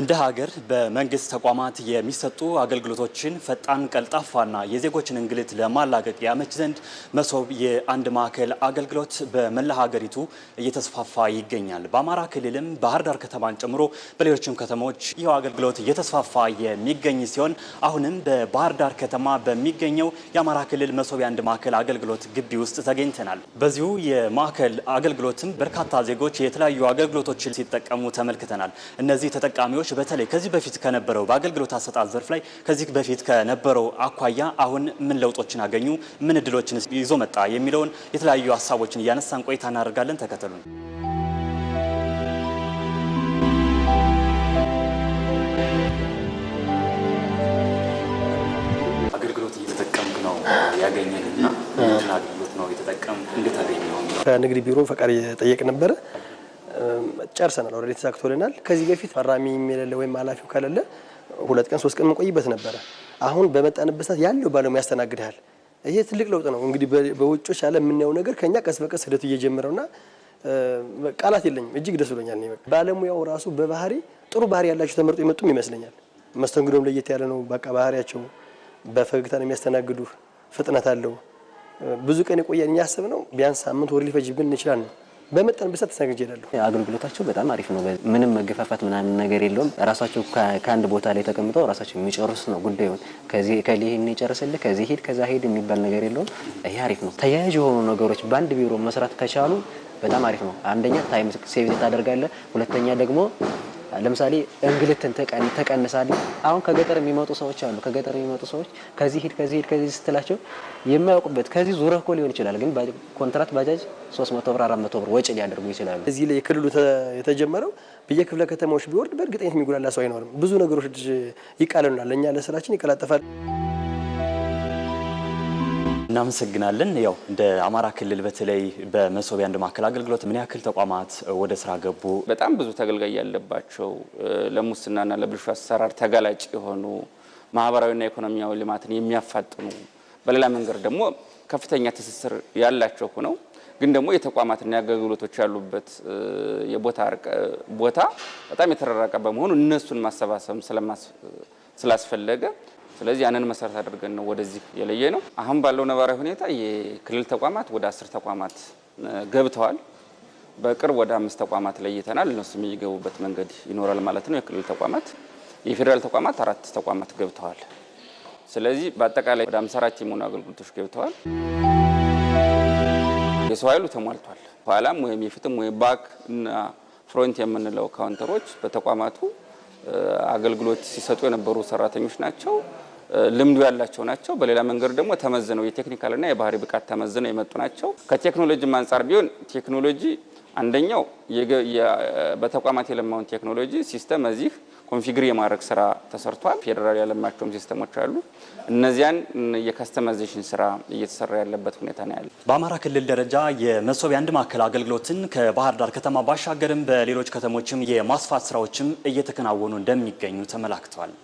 እንደ ሀገር በመንግስት ተቋማት የሚሰጡ አገልግሎቶችን ፈጣን፣ ቀልጣፋና የዜጎችን እንግልት ለማላቀቅ ያመች ዘንድ መሶብ የአንድ ማዕከል አገልግሎት በመላ ሀገሪቱ እየተስፋፋ ይገኛል። በአማራ ክልልም ባህር ዳር ከተማን ጨምሮ በሌሎችም ከተሞች ይኸው አገልግሎት እየተስፋፋ የሚገኝ ሲሆን አሁንም በባህር ዳር ከተማ በሚገኘው የአማራ ክልል መሶብ የአንድ ማዕከል አገልግሎት ግቢ ውስጥ ተገኝተናል። በዚሁ የማዕከል አገልግሎትም በርካታ ዜጎች የተለያዩ አገልግሎቶችን ሲጠቀሙ ተመልክተናል። እነዚህ ተጠቃሚዎች ነዋሪዎች በተለይ ከዚህ በፊት ከነበረው በአገልግሎት አሰጣጥ ዘርፍ ላይ ከዚህ በፊት ከነበረው አኳያ አሁን ምን ለውጦችን አገኙ፣ ምን እድሎችን ይዞ መጣ የሚለውን የተለያዩ ሀሳቦችን እያነሳን ቆይታ እናደርጋለን። ተከተሉን። ያገኘንና እየተጠቀምኩ ነው አገልግሎት ነው ከንግድ ቢሮ ፈቃድ እየጠየቅ ነበረ ጨርሰናል። ኦልሬዲ ተሳክቶልናል። ከዚህ በፊት ፈራሚ የሌለ ወይም ኃላፊው ከሌለ ሁለት ቀን ሶስት ቀን መቆይበት ነበረ። አሁን በመጣንበት ሰዓት ያለው ባለሙያ ያስተናግድሃል። ይሄ ትልቅ ለውጥ ነው። እንግዲህ በውጮች ያለ የምናየው ነገር ከኛ ቀስ በቀስ ሂደቱ እየጀመረውና ቃላት የለኝም። እጅግ ደስ ብሎኛል። ባለሙያው ራሱ በባህሪ ጥሩ ባህሪ ያላቸው ተመርጦ የመጡም ይመስለኛል። መስተንግዶም ለየት ያለ ነው። በቃ ባህሪያቸው በፈገግታ ነው የሚያስተናግዱ። ፍጥነት አለው። ብዙ ቀን የቆየን እያሰብ ነው ቢያንስ ሳምንት ወር ሊፈጅብን እንችላለን። በመጠን ብሰጥ ተሳግጅ ይላሉ። አገልግሎታቸው በጣም አሪፍ ነው። ምንም መገፋፋት ምናምን ነገር የለውም። ራሳቸው ከአንድ ቦታ ላይ ተቀምጠው ራሳቸው የሚጨርሱት ነው ጉዳዩን። ከዚህ ከሊሄን ይጨርስልህ፣ ከዚህ ሄድ ከዛ ሄድ የሚባል ነገር የለውም። ይህ አሪፍ ነው። ተያያዥ የሆኑ ነገሮች በአንድ ቢሮ መስራት ከቻሉ በጣም አሪፍ ነው። አንደኛ ታይም ሴቪ ታደርጋለ፣ ሁለተኛ ደግሞ ለምሳሌ እንግልትን ተቀንሳለ አሁን ከገጠር የሚመጡ ሰዎች አሉ። ከገጠር የሚመጡ ሰዎች ከዚህ ሂድ ከዚህ ሂድ ከዚህ ስትላቸው የማያውቁበት ከዚህ ዙረህ እኮ ሊሆን ይችላል፣ ግን ኮንትራት ባጃጅ 300 ብር 400 ብር ወጪ ሊያደርጉ ይችላሉ። እዚህ ላይ የክልሉ የተጀመረው በየክፍለ ከተማዎች ቢወርድ በእርግጠኝነት የሚጉላላ ሰው አይኖርም። ብዙ ነገሮች ይቃለናል፣ ለእኛ ለስራችን ይቀላጠፋል። እናመሰግናለን። ያው እንደ አማራ ክልል በተለይ በመሶብ የአንድ ማዕከል አገልግሎት ምን ያክል ተቋማት ወደ ስራ ገቡ? በጣም ብዙ ተገልጋይ ያለባቸው ለሙስናና ለብልሹ አሰራር ተጋላጭ የሆኑ ማህበራዊና ኢኮኖሚያዊ ልማትን የሚያፋጥኑ በሌላ መንገድ ደግሞ ከፍተኛ ትስስር ያላቸው ሆነው ግን ደግሞ የተቋማትና የአገልግሎቶች ያሉበት የቦታ ቦታ በጣም የተራራቀ በመሆኑ እነሱን ማሰባሰብ ስላስፈለገ ስለዚህ ያንን መሰረት አድርገን ነው ወደዚህ የለየ ነው። አሁን ባለው ነባራዊ ሁኔታ የክልል ተቋማት ወደ አስር ተቋማት ገብተዋል። በቅርብ ወደ አምስት ተቋማት ለይተናል። እነሱ የሚገቡበት መንገድ ይኖራል ማለት ነው። የክልል ተቋማት የፌዴራል ተቋማት አራት ተቋማት ገብተዋል። ስለዚህ በአጠቃላይ ወደ አምሳ አራት የሚሆኑ አገልግሎቶች ገብተዋል። የሰው ኃይሉ ተሟልቷል። ኋላም ወይም የፊትም ወይም ባክ እና ፍሮንት የምንለው ካውንተሮች በተቋማቱ አገልግሎት ሲሰጡ የነበሩ ሰራተኞች ናቸው። ልምዱ ያላቸው ናቸው። በሌላ መንገድ ደግሞ ተመዝነው የቴክኒካልና የባህሪ ብቃት ተመዝነው የመጡ ናቸው። ከቴክኖሎጂም አንጻር ቢሆን ቴክኖሎጂ አንደኛው በተቋማት የለማውን ቴክኖሎጂ ሲስተም እዚህ ኮንፊግሪ የማድረግ ስራ ተሰርቷል። ፌዴራል ያለማቸውም ሲስተሞች አሉ። እነዚያን የከስተማይዜሽን ስራ እየተሰራ ያለበት ሁኔታ ነው ያለ። በአማራ ክልል ደረጃ የመሶብ የአንድ ማዕከል አገልግሎትን ከባህር ዳር ከተማ ባሻገርም በሌሎች ከተሞችም የማስፋት ስራዎችም እየተከናወኑ እንደሚገኙ ተመላክተዋል።